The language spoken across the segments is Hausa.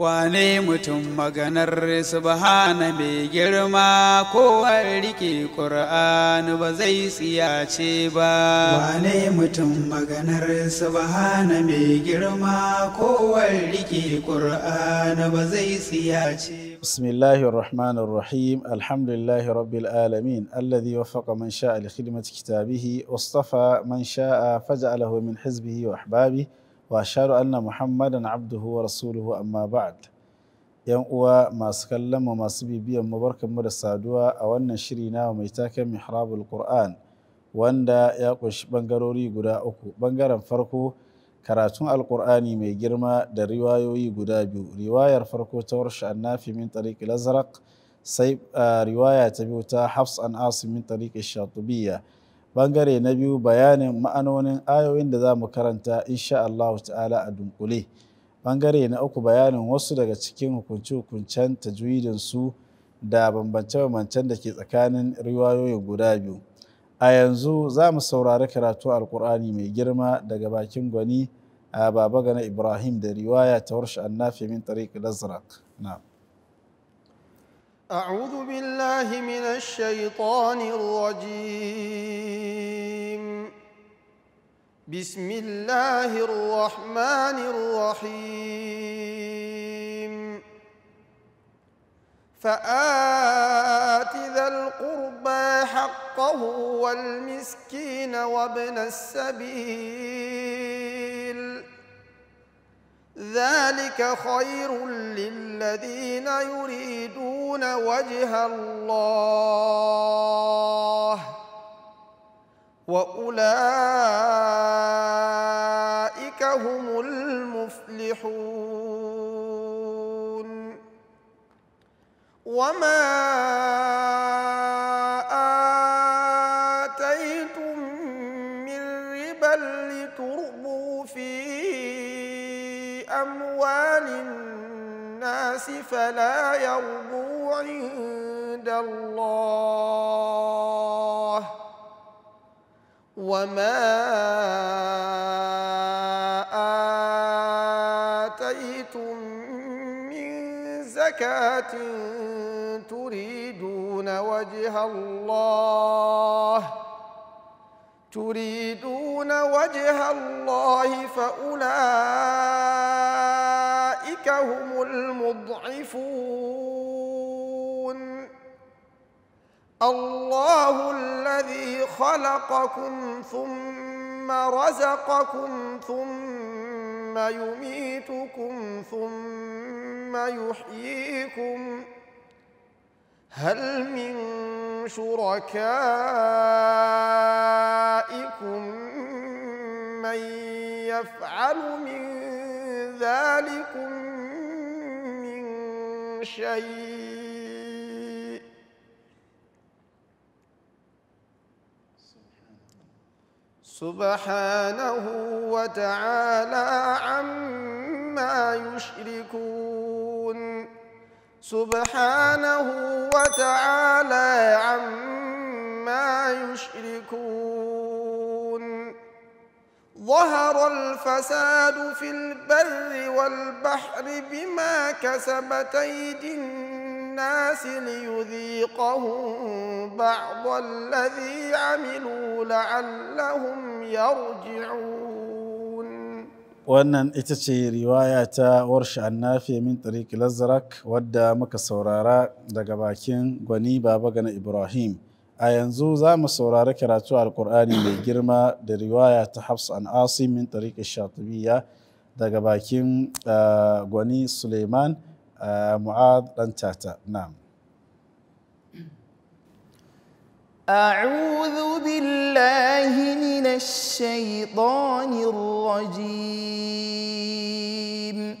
Wane mutum maganar subhana mai girma ko rike kur'an ba zai tsiyace ba. Wane mutum maganar subhana mai girma ko rike kur'an ba zai tsiyace ba. Bismillahir Rahmanir Rahim Alhamdulillahi Rabbil Alamin Alladhi wafaqa man sha'a li kitabihi wastafa man sha'a faj'alahu min hizbihi wa واشهد ان محمدا عبده ورسوله amma ba'ad. yan uwa masu kallon mu masu bibiyan mu barkanmu da saduwa a wannan shiri na mai taken mihrabul qur'an wanda ya kunshi bangarori guda uku bangaren farko karatun alkur'ani mai girma da riwayoyi guda biyu riwayar farko ta warshe annafi min tariq lazraq sai ah, riwaya ta biyu ta hafs an asim min tariq shatibiyya bangare na biyu bayanin ma'anonin ayoyin da za mu karanta insha Allah ta'ala a dunkule bangare na uku bayanin wasu daga cikin hukunce-hukuncen tajwidin su da bambance-bambancen da ke tsakanin riwayoyin guda biyu a yanzu za mu saurari karatu alkur'ani mai girma daga bakin gwani a baba gana ibrahim da riwaya ta warshe annafi min tariq lazrak na أعوذ بالله من الشيطان الرجيم بسم الله الرحمن الرحيم فآت ذا القربى حقه والمسكين وابن السبيل ذلك خير للذين يريدون وجه الله واولئك هم المفلحون وما اتيتم من ربا لتربوا في اموال الناس فلا يربو عند الله وما آتيتم من زكاة تريدون وجه الله تريدون وجه الله فأولئك هم المضعفون الله الذي خلقكم ثم رزقكم ثم يميتكم ثم يحييكم هل من شركائكم من يفعل من ذلكم من شيء سبحانه وتعالى عما يشركون سبحانه وتعالى عما يشركون ظهر الفساد في البر والبحر بما كسبت أيدي للناس ليذيقهم بعض الذي عملوا لعلهم يرجعون wannan ita ce riwaya ta warshi annafi min tariq lazarak wadda muka saurara daga bakin gwani baba gana ibrahim a yanzu za mu saurari karatu alkur'ani mai girma da riwaya ta hafs an asim min tariq shatibiya daga bakin gwani suleiman آه، معاذ لنتاتا نعم أعوذ بالله من الشيطان الرجيم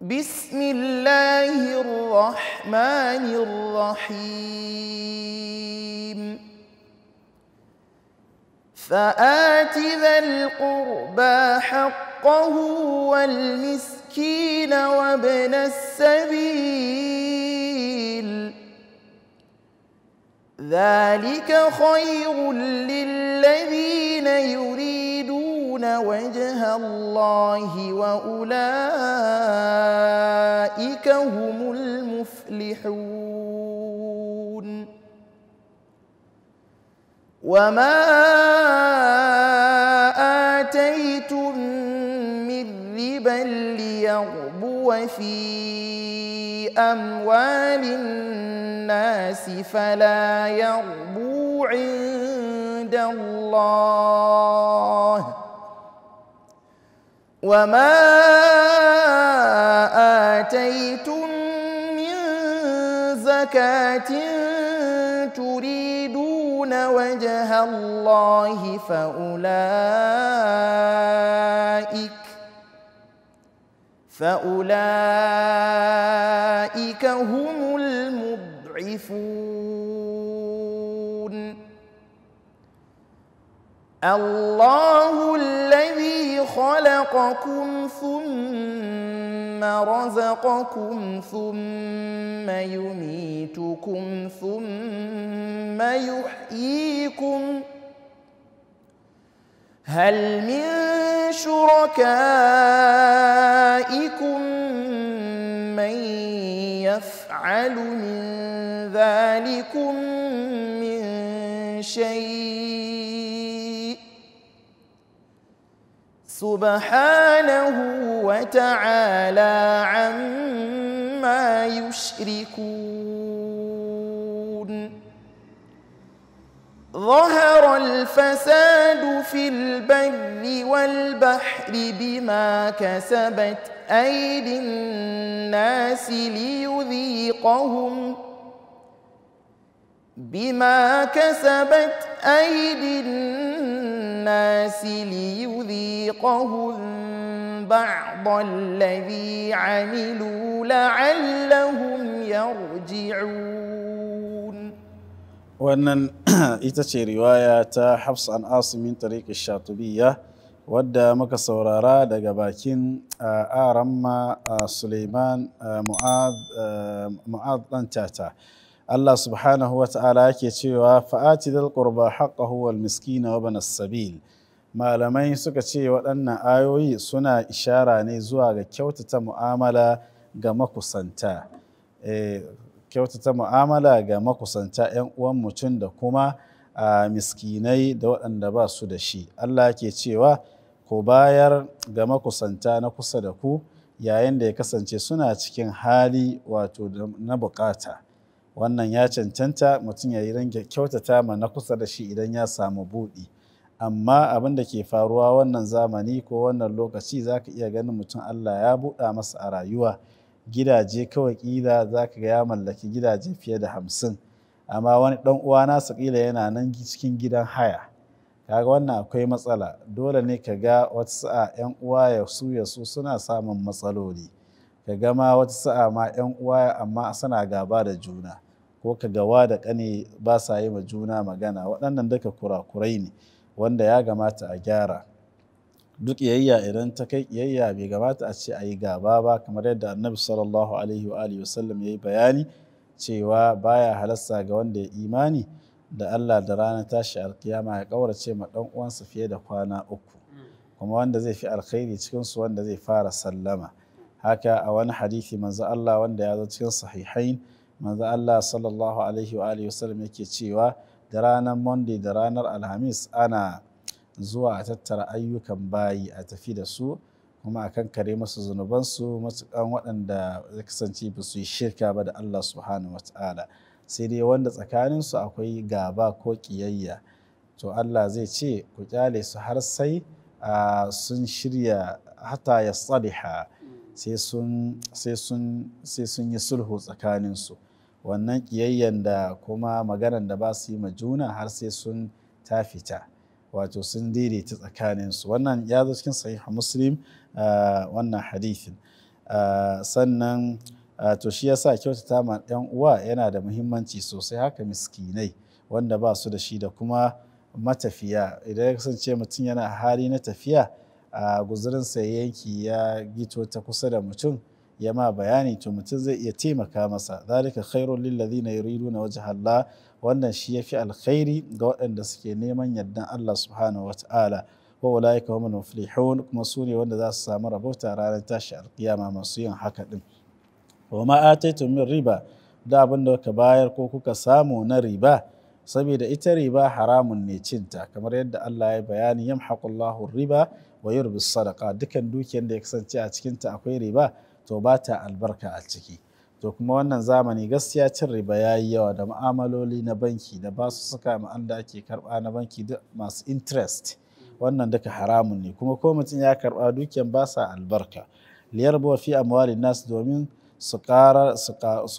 بسم الله الرحمن الرحيم فآت ذا القربى حق حقه والمسكين وابن السبيل ذلك خير للذين يريدون وجه الله واولئك هم المفلحون وما ليغبو في أموال الناس فلا يغبو عند الله وما آتيتم من زكاةٍ تريدون وجه الله فأولئك فأولئك هم المضعفون الله الذي خلقكم ثم رزقكم ثم يميتكم ثم يحييكم هل من شركائكم يفعل من ذلكم من شيء سبحانه وتعالى عما يشركون ظهر الفساد في البر والبحر بما كسبت أيدي الناس ليذيقهم بما كسبت أيدي الناس ليذيقهم بعض الذي عملوا لعلهم يرجعون wannan ita ce riwaya ta hafs an asimin tariƙi shatubiyya wadda muka saurara daga bakin aramma suleiman mu'ad Dan tata allah subhanahu wa ta'ala yake cewa fa'ati dal qurba haqqahu wal miskina wa banas sabil malamai suka ce waɗannan ayoyi suna ishara ne zuwa ga kyautata mu'amala ga makusanta eh, kyautata mu'amala ga makusanta 'yan uwan mutum da kuma a miskinai da waɗanda ba su da shi Allah ke cewa ku bayar ga makusanta na kusa da ku yayin da ya kasance suna cikin hali wato na bukata wannan ya cancanta mutum ya yi range kyautata ma na kusa da shi idan ya samu buɗi amma abin da ke faruwa wannan zamani ko wannan lokaci za ka iya ganin mutum Allah ya buɗa masa a rayuwa gidaje kawai kila za ka ga ya mallaki gidaje fiye da hamsin amma wani ɗan uwa nasu kila yana nan cikin gidan haya kaga wannan akwai matsala dole ne ka ga wata sa'a yan uwa ya su ya su suna samun matsaloli ka ga ma wata sa'a ma yan uwa amma suna gaba da juna ko ka gawa da ƙani ba sa yi ma juna magana waɗannan duka kurakurai ne wanda ya gamata a gyara duk ƙiyayya idan ta kai ƙiyayya bai gabata a ce a yi gaba ba kamar yadda annabi sallallahu alaihi wa alihi wasallam ya yi bayani cewa baya halasta ga wanda ya imani da Allah da ranar tashi alkiyama ya kaurace ma dan uwansa fiye da kwana uku kuma wanda zai fi alkhairi cikin su wanda zai fara sallama haka a wani hadisi manzo Allah wanda ya zo cikin sahihain manzo Allah sallallahu alaihi wa alihi wasallam yake cewa da ranar Monday da ranar Alhamis ana zuwa a tattara ayyukan bayi a tafi da su kuma a kankare masu zunubansu matukan waɗanda ya kasance ba su yi shirka ba da Allah subhanahu wa ta'ala sai dai wanda tsakaninsu akwai gaba ko ƙiyayya to Allah zai ce ku ƙyale su har sai sun shirya hata ya tsaliha sai sun yi sulhu tsakaninsu wannan ƙiyayyan da kuma maganan da ba su yi ma juna har sai sun ta fita. wato sun daidaita tsakaninsu wannan ya zo cikin sahih muslim ah, wannan hadithin ah, sannan ah, to shi yasa kyautata ma 'yan uwa yana da muhimmanci sosai haka miskinai wanda ba su da shi da kuma matafiya idan ya kasance mutum yana hali na tafiya a guzurin yanki ya gito ta kusa da mutum ya ma bayani to mutum zai iya taimaka masa zalika khairul lil ladina yuriduna wajha Allah wannan shi ya fi alkhairi ga waɗanda suke neman yardan Allah subhanahu ta'ala wa ulaika humul muflihun kuma su ne wanda za su samu rabauta ranar tashi alkiyama masu yin haka din wa ma ataitum min riba da abin da ka bayar ko kuka samu na riba saboda ita riba haramun ne cinta kamar yadda Allah ya bayani yamhaqullahu riba wa yurbi sadaka dukan dukiyar da ya kasance a cikinta akwai riba to ba ta albarka a ciki to kuma wannan zamani gaskiya cin riba ya yi yawa da ma'amaloli na banki da ba su suka ma'an da ake karɓa na banki duk masu interest wannan duka haramun ne kuma ko mutum ya karɓa dukiyar ba sa albarka liyar fi amwali nas domin su kara su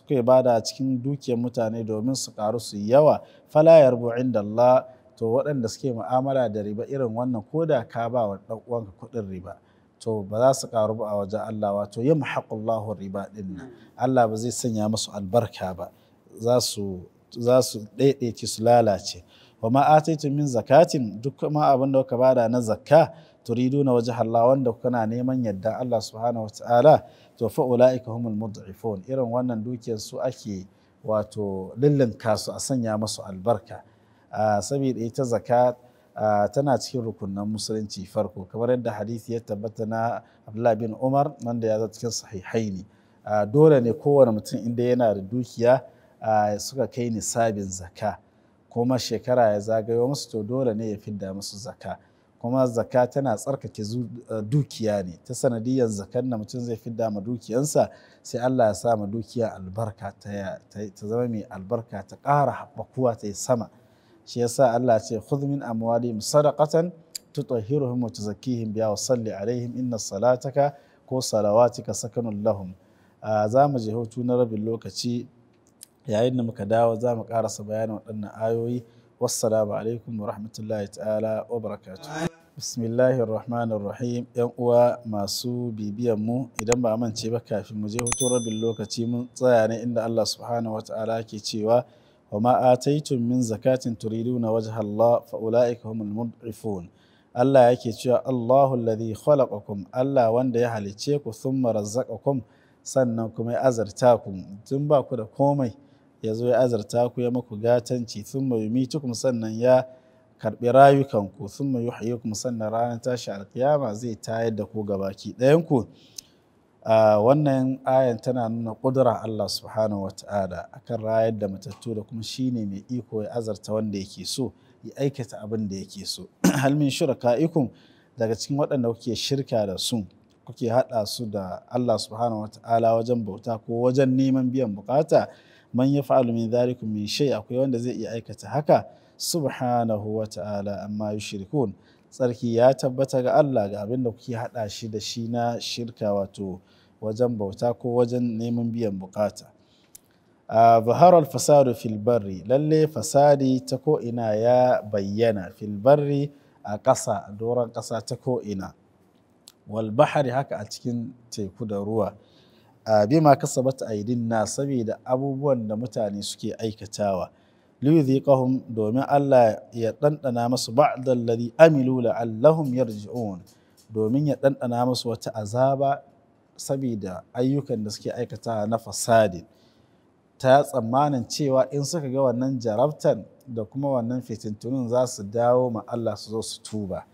kai bada cikin dukiyar mutane domin su karu su yawa fala yarbu inda Allah to waɗanda suke mu'amala da riba irin wannan ko da ka ba wa ɗan uwanka kuɗin riba to ba za su karu ba a wajen Allah wato ya muhaqqullahu riba din nan Allah ba zai sanya musu albarka ba za su za su lalace wa ma ataitu min zakatin duk ma abin da kuka bada na zakka na wajen Allah wanda kuna neman yadda Allah subhanahu wataala to fa ulaika humul mud'ifun irin wannan dukiyar su ake wato lullunka su a sanya musu albarka ah, saboda ita zakat tana cikin rukunan musulunci farko kamar yadda hadisi ya tabbata na abdullahi bin umar wanda ya zata cikin ne dole ne kowane mutum inda yana da dukiya suka kai nisabin zaka kuma shekara ya zagayo musu to dole ne ya fidda musu zaka kuma zaka tana tsarkake dukiya ne ta sanadiyar zakan na mutum zai fidda ma dukiyansa sai Allah ya sa ma dukiya albarka ta zama mai albarka ta ƙara haɓakuwa ta yi sama shi yasa Allah ce khudh min amwalihim sadaqatan tutahhiruhum wa tuzakkihim biha wa salli alaihim inna salataka ko salawatika sakanun lahum za mu je hutu na rabin lokaci yayin da muka dawo za mu karasa bayanin waɗannan ayoyi wassalamu alaikum wa rahmatullahi ta'ala wa barakatu bismillahir rahmanir rahim yan uwa masu bibiyan mu idan ba mance ba kafin mu je hutu rabin lokaci mun tsaya ne inda Allah subhanahu wa ta'ala ke cewa وما آتيتم من زكاة تريدون وجه الله فأولئك هم المضعفون Allah yake cewa Allahu alladhi khalaqakum Allah wanda ya halice ku thumma razzaqakum sannan kuma ya azarta tun ba da komai ya zo ya azarta ku ya maku gatanci thumma yumitukum sannan ya karbi rayukanku thumma yuhyikum sannan ranar tashi alkiyama zai tayar da ku gabaki ɗayan ku wannan ayan tana nuna ƙudura Allah subhanahu wa ta'ala akan rayar da matattu da kuma shi ne mai iko ya azarta wanda yake so ya aikata abin da yake so halmin ikun daga cikin waɗanda kuke shirka da su kuke haɗa su da Allah subhanahu wa ta'ala wajen bauta ko wajen neman biyan bukata man ya fa'alu min dhalikum min shay akwai wanda zai iya aikata haka subhanahu wa ta'ala amma yushrikun tsarki ya tabbata ga Allah ga abin da kuke haɗa shi da shi na shirka wato wajen bauta ko wajen neman biyan bukata zaharar fasadu filbarri lalle fasadi ta ko'ina ya bayyana filbarri a ƙasa doron ƙasa ta ko'ina walbahari haka a cikin teku da ruwa kasa bata aidin na saboda abubuwan da mutane suke aikatawa liyudhiqahum domin Allah ya ɗanɗana masu ba'dal ladhi amilu la'allahum yarji'un domin ya ɗanɗana masu wata azaba saboda ayyukan da suke aikata na fasadi ta tsammanin cewa in suka ga wannan jarabtan da kuma wannan fitintunin za su dawo ma Allah su zo su tuba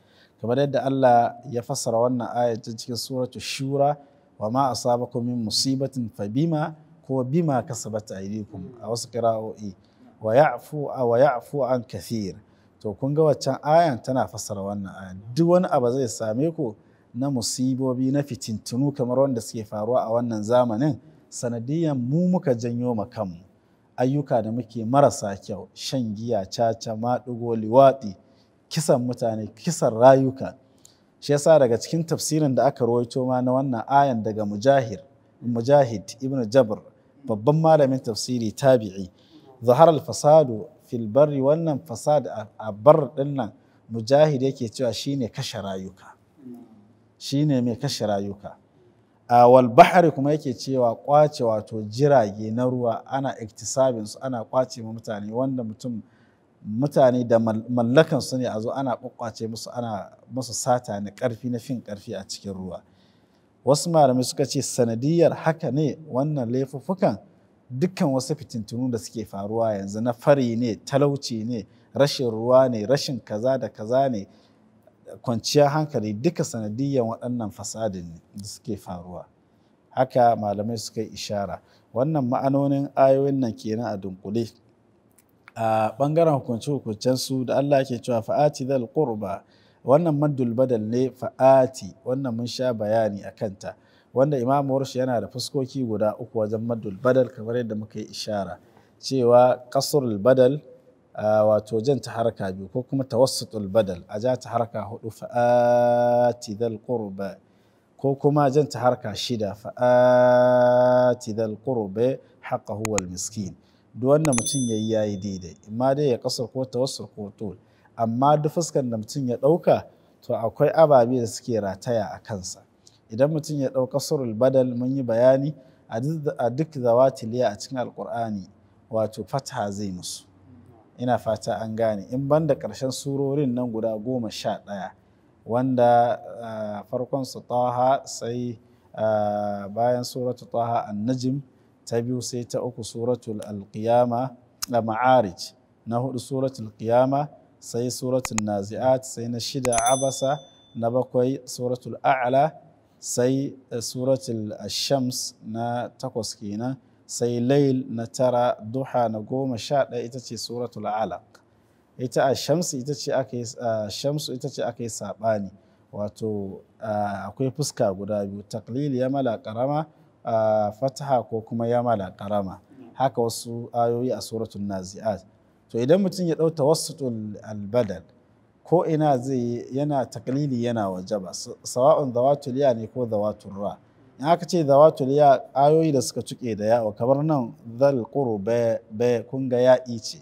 kamar yadda Allah ya fassara wannan ayatun cikin suratu shura wa ma asabakum min musibatin fa bima ko bima kasabat aydikum a wasu qira'o'i wa ya'fu wa ya'fu an kathir to kun ga waccan ayan tana fassara wannan ayan duk wani abu zai same ku na musibobi na fitintunu kamar wanda suke faruwa a wannan zamanin sanadiyan mu muka janyo ma kanmu ayyuka da muke marasa kyau shan giya caca maɗigo liwaɗi kisan mutane kisan rayuka shi yasa daga cikin tafsirin da aka rawaito ma na wannan ayan daga mujahid mujahid ibn jabr babban malamin tafsiri tabi'i zahar al-fasadu fil wannan fasad a bar dinnan mujahid yake cewa shine kashe rayuka shine mai kashe rayuka a walbahari kuma yake cewa kwace wato jirage na ruwa ana iktisabin su ana kwace ma mutane wanda mutum mutane da mallakan su ne a zo ana kwakwace musu ana musu sata na karfi na fin karfi a cikin ruwa wasu malamai suka ce sanadiyar haka ne wannan laifuffukan dukkan wasu fitintunu da suke faruwa yanzu na fari ne talauci ne rashin ruwa ne rashin kaza da kaza ne kwanciyar hankali duka sanadiyyar waɗannan fasadin da suke faruwa haka malamai suka yi ishara wannan ma'anonin ayoyin nan kenan a dunkule a ɓangaren hukunce-hukuncen su da Allah ke cewa fa'ati dal qurba wannan maddul badal ne fa'ati wannan mun sha bayani a kanta wanda imamu warshi yana da fuskoki guda uku wajen maddul badal kamar yadda muka yi ishara cewa qasrul badal wato jan ta haraka biyu ko kuma tawassutul badal a ja ta haraka hudu fa'ati dal qurba ko kuma jan ta haraka shida fa'ati dal qurba haqqahu wal miskin duk wannan mutum yayi yayi daidai amma dai ya kasar ko tawassul ko tul amma duk fuskar da mutum ya dauka to akwai ababe da suke rataya a kansa idan mutum ya dauka surul badal mun yi bayani a duk zawatiliya a cikin alqur'ani wato fatha zai musu ina fata an gane in banda ƙarshen surorin nan guda goma sha ɗaya wanda farkon su taha sai bayan suratu taha annajim ta biyu sai ta uku suratul alqiyama da ma'arij na hudu suratul qiyama sai suratul nazi'at sai na shida abasa na bakwai suratul a'la sai suratul shams na takwas kenan sai lail na tara duha na goma sha ɗaya ita ce suratul alaq ita a shamsu ita ce aka yi shamsu ita ce aka yi saɓani wato akwai fuska guda biyu taklil yamala karama fataha ko kuma yamala karama haka wasu ayoyi a suratul nazi'at to idan mutum ya wasu tawassutul albadal ko ina zai yana taklili yana wajaba sawa'un zawatuliya ya ne ko zawatul ra in aka ce wato ya ayoyi da suka cuke da yawa kamar nan zal kuro bai kun ga ya ce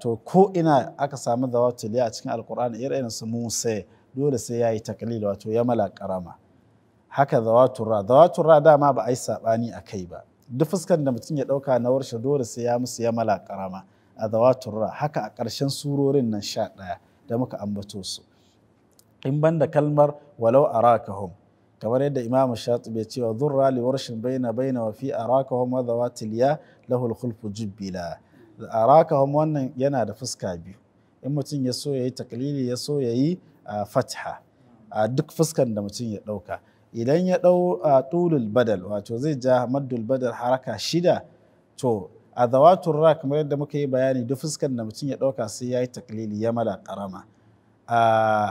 to ko ina aka samu wato ya a cikin alkur'ani irin su musa dole sai ya yi taklil wato ya mala karama haka wato ra wato ra dama ba saɓani sabani kai ba duk fuskan da mutum ya dauka na warshe dole sai ya musu ya mala karama a wato ra haka a ƙarshen surorin nan sha ɗaya da muka ambato su in banda kalmar walau arakahum kamar yadda imamu shatibi ya cewa zurra li warshin baina baina wa fi arakahum wa zawatil ya lahul khulfu jubbila arakahum wannan yana da fuska biyu in mutum ya so yayi takalili ya so yayi fatha a duk fuskan da mutum ya dauka idan ya dau tulul badal wato zai ja maddul badal haraka shida to a zawatul ra kamar yadda muka yi bayani duk fuskan da mutum ya dauka sai ya yi taklili ya mala karama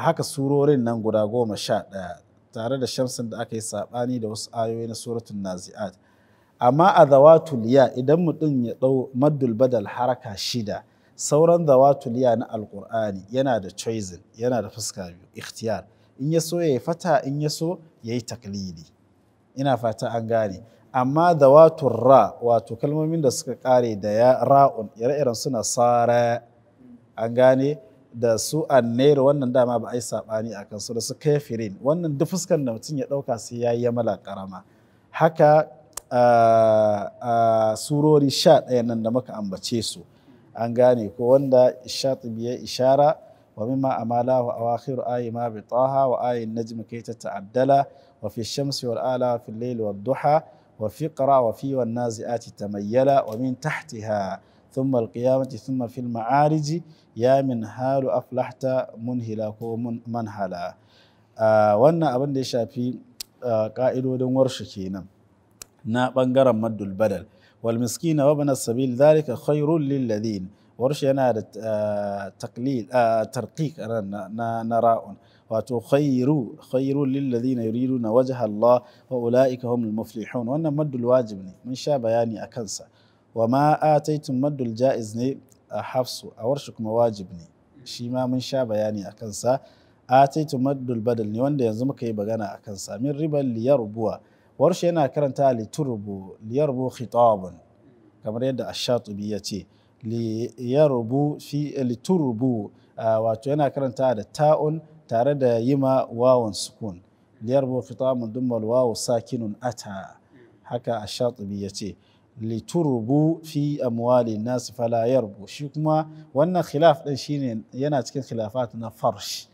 haka surorin nan guda goma sha ɗaya tare da shamsin da aka yi saɓani da wasu ayoyi na suratun nazi'at amma a zawatul ya idan mutum ya ɗau maddul badal haraka shida sauran zawatul ya na alƙur'ani yana da choisin yana da fuska biyu ikhtiyar in ya so ya yi fata in ya so ya yi taklidi ina fata an gane amma zawatul ra wato kalmomin da suka ƙare da ya ra'un ire-iren suna sara an gane da su annero wannan dama ba a yi saɓani a kansu da su kafirin wannan duk fuskan da mutum ya ɗauka sai ya yi yamala ƙarama haka a surori sha ɗaya nan da muka ambace su an gane ko wanda shatibi ya ishara wa mimma awakhiru ayi ma bi taha wa ayi najmi kai ta ta'addala wa fi shamsi wal ala wa fi layli wad duha wa fi qara wa fi wan nazi'ati tamayyala wa min tahtiha ثم القيامة ثم في المعارج يا من حال أفلحت من هلاك من هلا آه، وانا أبن دي شافي آه، قائل ودن ورشكينا نا بنقر مد البدل والمسكين وابن السبيل ذلك خير للذين ورش أنا آه، تقليل ترقيق أنا نراء واتو خير خير للذين يريدون وجه الله وأولئك هم المفلحون وانا مد الواجب من شاب يعني أكنسه wa ma ataitum maddul ja'iz ne a hafsu a warshi kuma wajib ne shi ma mun sha bayani a kansa ataitum maddul badal ne wanda yanzu muka yi magana a kansa min riban liyarbuwa warshi yana karanta liturbu liyarbu khitabun kamar yadda ash-shatibi ya ce liyarbu fi liturbu wato yana karanta da ta'un tare da yima wawan sukun liyarbu khitabun dummal wawu sakinun ata haka ash-shatibi ya ce liturbu fi amwali nas fala yarbu shi kuma wannan khilaf din shine yana cikin khilafat na farsh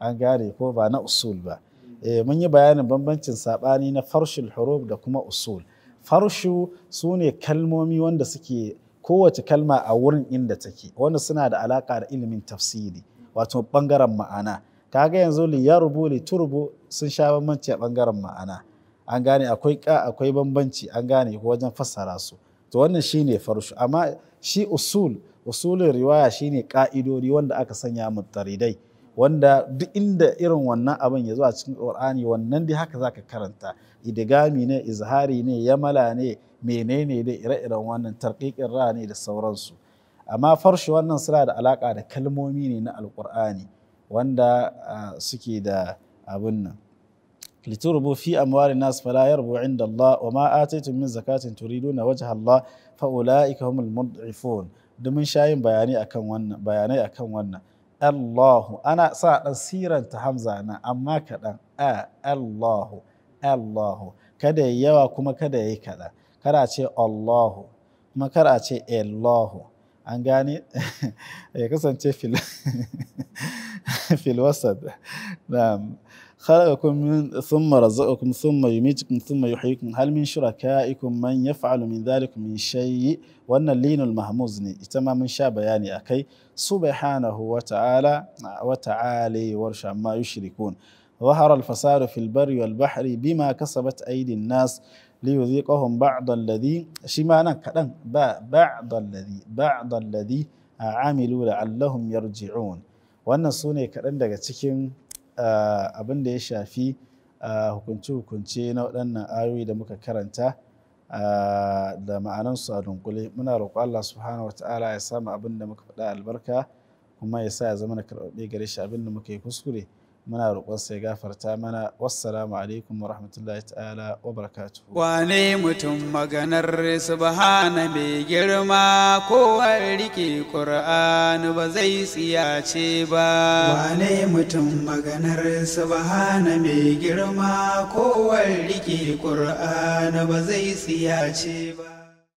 an gane ko ba na usul ba eh, mun yi bayanin bambancin sabani na farshul huruf da kuma usul farshu sune kalmomi wanda suke kowace kalma a wurin inda take wanda suna da alaka da ilimin tafsiri wato bangaren ma'ana kaga yanzu li yarbu li turbu sun sha bambanci a bangaren ma'ana an gane akwai ka akwai bambanci an gane wajen fassara su to wannan shine farshu amma shi usul usulin riwaya shine ƙa'idodi wanda aka sanya mutaridai wanda duk inda irin wannan abin ya zo a cikin Qur'ani wannan dai haka zaka karanta idigami ne izhari ne yamala ne menene dai ire-iren wannan tarqiqin ra ne da sauransu amma farshi wannan suna da alaka da kalmomi ne na alqur'ani wanda ah, suke da abin nan rubufi a amwari nas fala yarbu inda Allah wa ma ataytum min zakatin turiduna wajha Allah fa ulaika humul mud'ifun domin shayin bayanai akan wannan bayanai ana sa dan siranta hamza na amma kaɗan a Allahu Allahu kada yayi yawa kuma kada yayi kaɗan kada a ce Allahu kuma kada a ce Allahu ya kasance fil خلقكم من ثم رزقكم ثم يميتكم ثم يحييكم هل من شركائكم من يفعل من ذلك من شيء وان اللين المهموزني ne من شاب يعني اكي سبحانه وتعالى وتعالي ورشا ما يشركون ظهر الفساد في البر والبحر بما كسبت أيدي الناس ليذيقهم بعض الذي شمانا كدن بعض الذي بعض الذي عملوا لعلهم يرجعون وان سوني ne daga cikin Eh, abin da ya shafi eh, hukunce-hukunce na waɗannan ayoyi da muka karanta eh, da ma'anan su a dunkule muna roƙo Allah subhanahu wa ta'ala ya samu abin da muka faɗa albarka kuma ya sa ya zama na karɓaɓɓe gare shi abin da muka yi kuskure muna roƙonsa ya gafarta mana wassalamu alaikum wa rahmatullahi ta'ala wa barakatuhu wane mutum maganar subhana mai girma kowar rike qur'ani ba zai tsiyace ba wane mutum maganar subhana mai girma kowar rike qur'ani ba zai tsiyace ba